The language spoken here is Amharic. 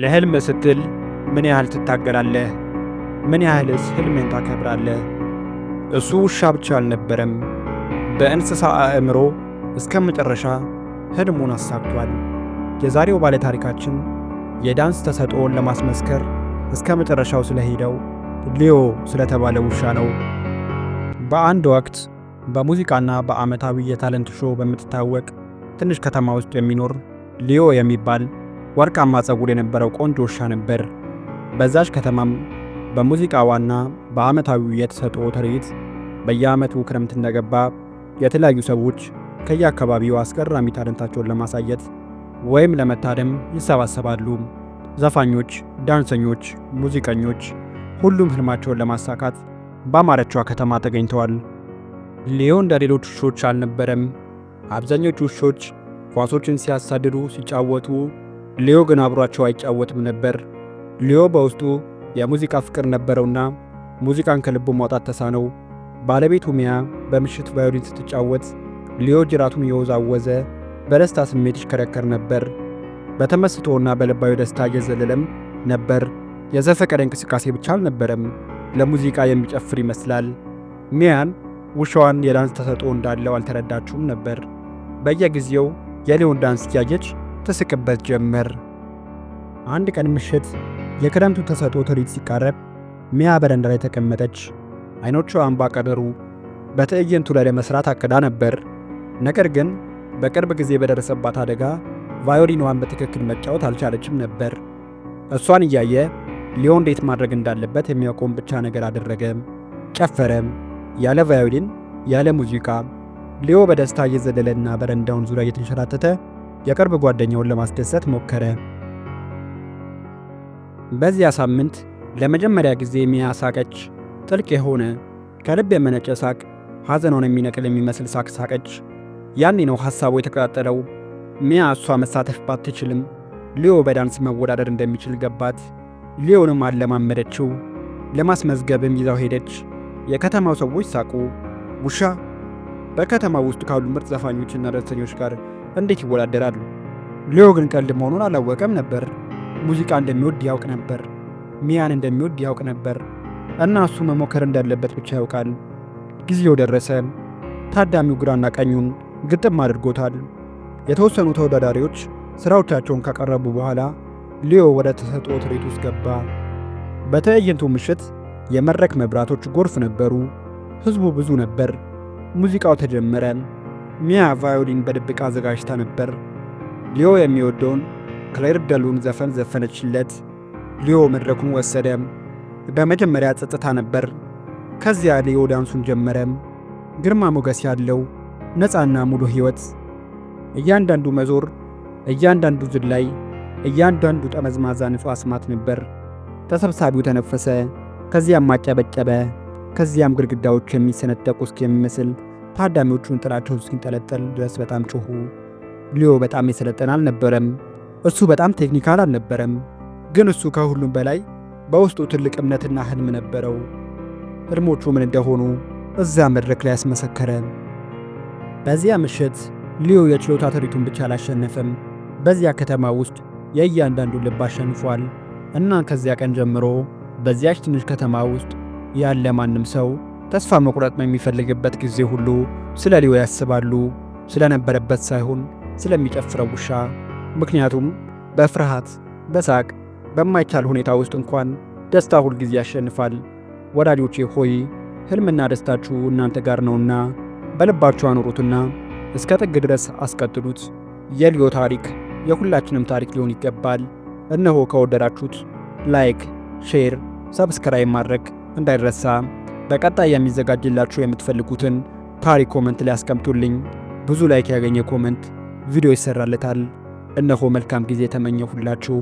ለህልም ስትል ምን ያህል ትታገላለህ? ምን ያህልስ ህልምን ታከብራለህ? እሱ ውሻ ብቻ አልነበረም። በእንስሳ አእምሮ እስከ መጨረሻ ህልሙን አሳክቷል። የዛሬው ባለታሪካችን የዳንስ ተሰጥኦን ለማስመስከር እስከ መጨረሻው ስለሄደው ሊዮ ስለተባለ ውሻ ነው። በአንድ ወቅት በሙዚቃና በዓመታዊ የታለንት ሾው በምትታወቅ ትንሽ ከተማ ውስጥ የሚኖር ሊዮ የሚባል ወርቃማ ጸጉር የነበረው ቆንጆ ውሻ ነበር። በዛች ከተማም በሙዚቃዋና በዓመታዊው የተሰጥኦ ትርኢት በየዓመቱ ክረምት እንደገባ የተለያዩ ሰዎች ከየአካባቢው አስገራሚ ታደምታቸውን ለማሳየት ወይም ለመታደም ይሰባሰባሉ። ዘፋኞች፣ ዳንሰኞች፣ ሙዚቀኞች ሁሉም ህልማቸውን ለማሳካት በአማረቿ ከተማ ተገኝተዋል። ሊዮ እንደ ሌሎች ውሾች አልነበረም። አብዛኞቹ ውሾች ኳሶችን ሲያሳድዱ፣ ሲጫወቱ ሊዮ ግን አብሯቸው አይጫወትም ነበር። ሊዮ በውስጡ የሙዚቃ ፍቅር ነበረውና ሙዚቃን ከልቡ ማውጣት ተሳነው። ባለቤቱ ሚያ በምሽት ቫዮሊን ስትጫወት ሊዮ ጅራቱን የወዛወዘ በደስታ ስሜት ይሽከረከር ነበር። በተመስጦና በልባዊ ደስታ እየዘለለም ነበር። የዘፈቀደ እንቅስቃሴ ብቻ አልነበረም፣ ለሙዚቃ የሚጨፍር ይመስላል። ሚያን ውሻዋን የዳንስ ተሰጥኦ እንዳለው አልተረዳችውም ነበር። በየጊዜው የሊዮን ዳንስ እያየች ትስቅበት ጀመር። አንድ ቀን ምሽት የክረምቱ ተሰጥኦ ትርኢት ሲቃረብ ሚያ በረንዳ ላይ ተቀመጠች። አይኖቿ እምባ ቀደሩ። በትዕይንቱ ላይ ለመስራት አቅዳ ነበር። ነገር ግን በቅርብ ጊዜ በደረሰባት አደጋ ቫዮሊኗን በትክክል መጫወት አልቻለችም ነበር። እሷን እያየ ሊዮን እንዴት ማድረግ እንዳለበት የሚያውቀውን ብቻ ነገር አደረገም፣ ጨፈረም። ያለ ቫዮሊን፣ ያለ ሙዚቃ ሊዮ በደስታ እየዘለለና በረንዳውን ዙሪያ እየተንሸራተተ የቅርብ ጓደኛውን ለማስደሰት ሞከረ። በዚያ ሳምንት ለመጀመሪያ ጊዜ የሚያሳቀች ጥልቅ የሆነ ከልብ የመነጨ ሳቅ፣ ሐዘኗን የሚነቅል የሚመስል ሳቅ ሳቀች። ያኔ ነው ሐሳቡ የተቀጣጠለው። ሚያ እሷ መሳተፍ ባትችልም ሊዮ በዳንስ መወዳደር እንደሚችል ገባት። ሊዮንም አለማመደችው። ለማስመዝገብም ይዛው ሄደች። የከተማው ሰዎች ሳቁ። ውሻ በከተማ ውስጥ ካሉ ምርጥ ዘፋኞችና ደስተኞች ጋር እንዴት ይወዳደራሉ? ሌዮ ግን ቀልድ መሆኑን አላወቀም ነበር። ሙዚቃ እንደሚወድ ያውቅ ነበር። ሚያን እንደሚወድ ያውቅ ነበር እና እሱ መሞከር እንዳለበት ብቻ ያውቃል። ጊዜው ደረሰ። ታዳሚው ግራና ቀኙን ግጥም አድርጎታል። የተወሰኑ ተወዳዳሪዎች ስራዎቻቸውን ካቀረቡ በኋላ ሊዮ ወደ ተሰጥኦ ትርኢት ውስጥ ገባ። በትዕይንቱ ምሽት የመድረክ መብራቶች ጎርፍ ነበሩ። ህዝቡ ብዙ ነበር። ሙዚቃው ተጀመረ። ሚያ ቫዮሊን በድብቅ አዘጋጅታ ነበር። ሊዮ የሚወደውን ክሌር ደሉን ዘፈን ዘፈነችለት። ሊዮ መድረኩን ወሰደ። በመጀመሪያ ጸጥታ ነበር። ከዚያ ሊዮ ዳንሱን ጀመረ። ግርማ ሞገስ ያለው ነፃና ሙሉ ሕይወት። እያንዳንዱ መዞር፣ እያንዳንዱ ዝላይ፣ እያንዳንዱ ጠመዝማዛ ንጹሕ አስማት ነበር። ተሰብሳቢው ተነፈሰ። ከዚያም አጨበጨበ። ከዚያም ግድግዳዎች የሚሰነጠቁ እስኪ የሚመስል ታዳሚዎቹን ጥላቸው እስኪንጠለጠል ድረስ በጣም ጮሁ። ሊዮ በጣም የሰለጠነ አልነበረም። እሱ በጣም ቴክኒካል አልነበረም። ግን እሱ ከሁሉም በላይ በውስጡ ትልቅ እምነትና ህልም ነበረው። ህልሞቹ ምን እንደሆኑ እዛ መድረክ ላይ አስመሰከረ። በዚያ ምሽት ሊዮ የችሎታ ትርኢቱን ብቻ አላሸነፈም። በዚያ ከተማ ውስጥ የእያንዳንዱን ልብ አሸንፏል እና ከዚያ ቀን ጀምሮ በዚያች ትንሽ ከተማ ውስጥ ያለ ማንም ሰው ተስፋ መቁረጥ የሚፈልግበት ጊዜ ሁሉ ስለ ሊዮ ያስባሉ፣ ስለነበረበት ሳይሆን ስለሚጨፍረው ውሻ። ምክንያቱም በፍርሃት በሳቅ በማይቻል ሁኔታ ውስጥ እንኳን ደስታ ሁልጊዜ ያሸንፋል። ወዳጆቼ ሆይ ሕልምና ደስታችሁ እናንተ ጋር ነውና በልባችሁ አኑሩትና እስከ ጥግ ድረስ አስቀጥሉት። የሊዮ ታሪክ የሁላችንም ታሪክ ሊሆን ይገባል። እነሆ ከወደዳችሁት ላይክ፣ ሼር፣ ሰብስክራይብ ማድረግ እንዳይረሳ። በቀጣይ የሚዘጋጅላችሁ የምትፈልጉትን ታሪክ ኮመንት ላይ አስቀምጡልኝ። ብዙ ላይክ ያገኘ ኮመንት ቪዲዮ ይሰራለታል። እነሆ መልካም ጊዜ ተመኘሁላችሁ።